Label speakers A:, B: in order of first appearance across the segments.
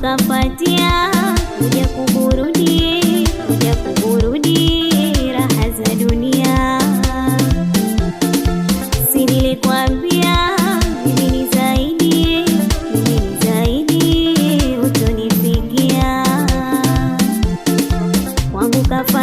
A: ukapatia kuja kuburudi kuja kuburudi raha za dunia. Si nilikwambia mimi ni zaidi, mimi ni zaidi, utonipigia kwangu kafa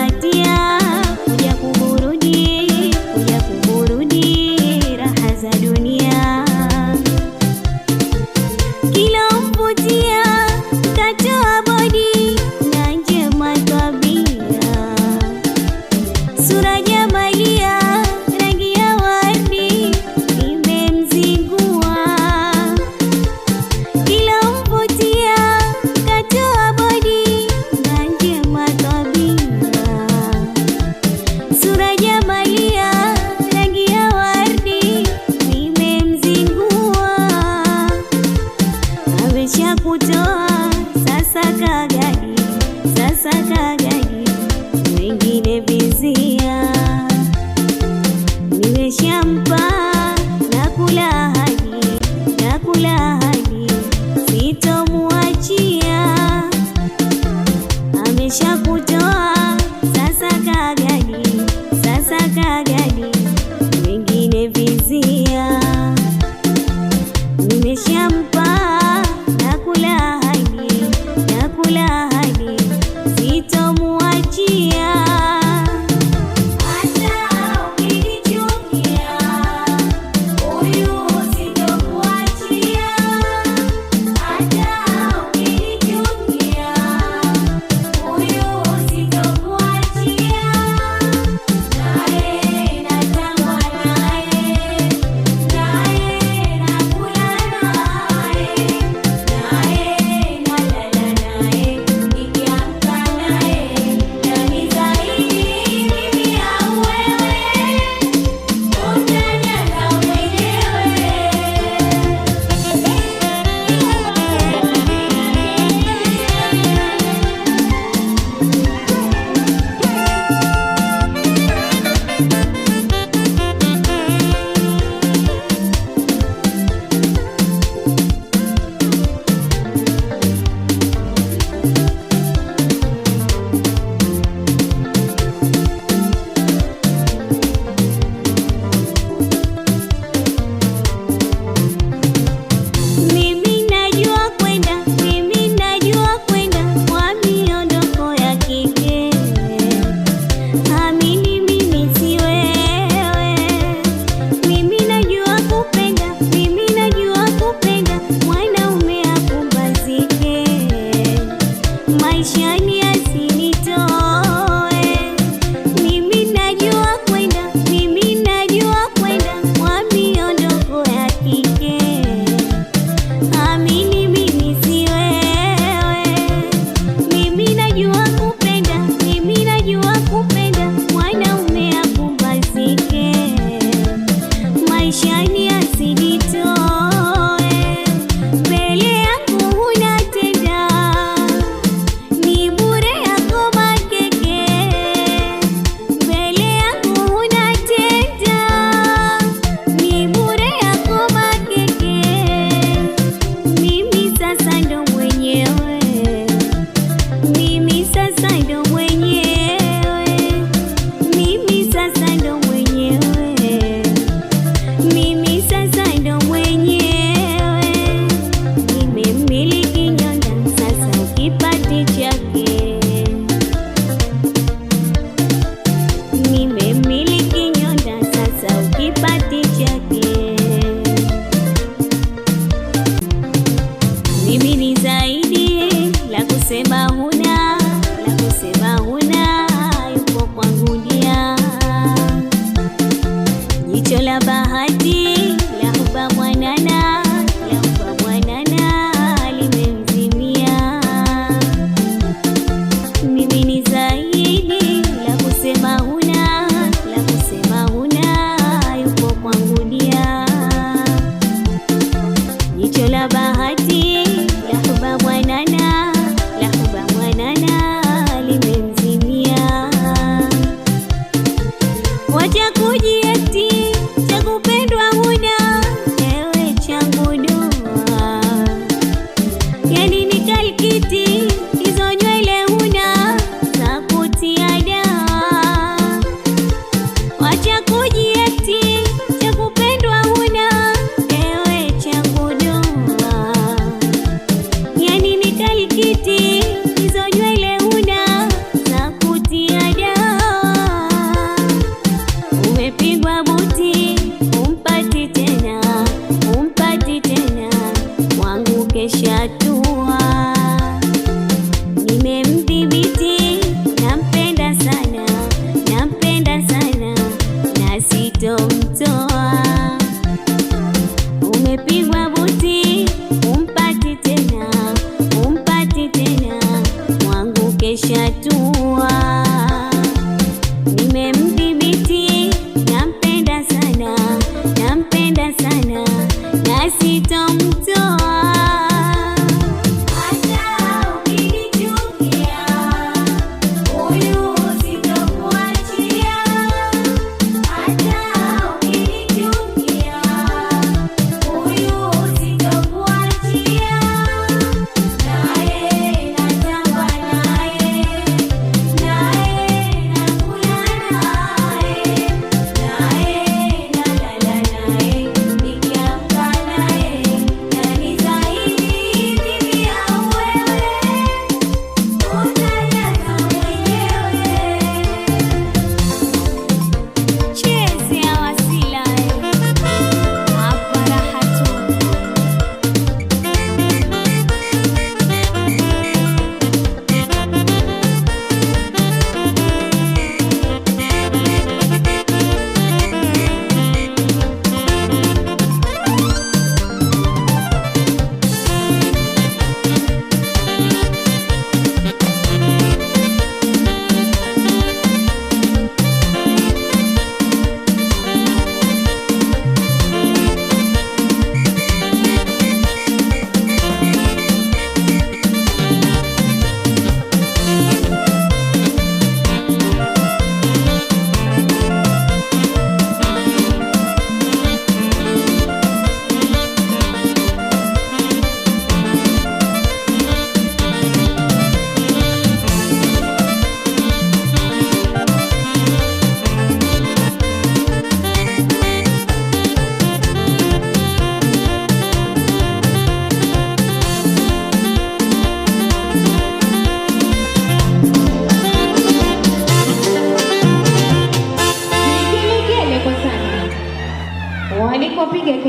A: я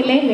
B: ¡Gracias!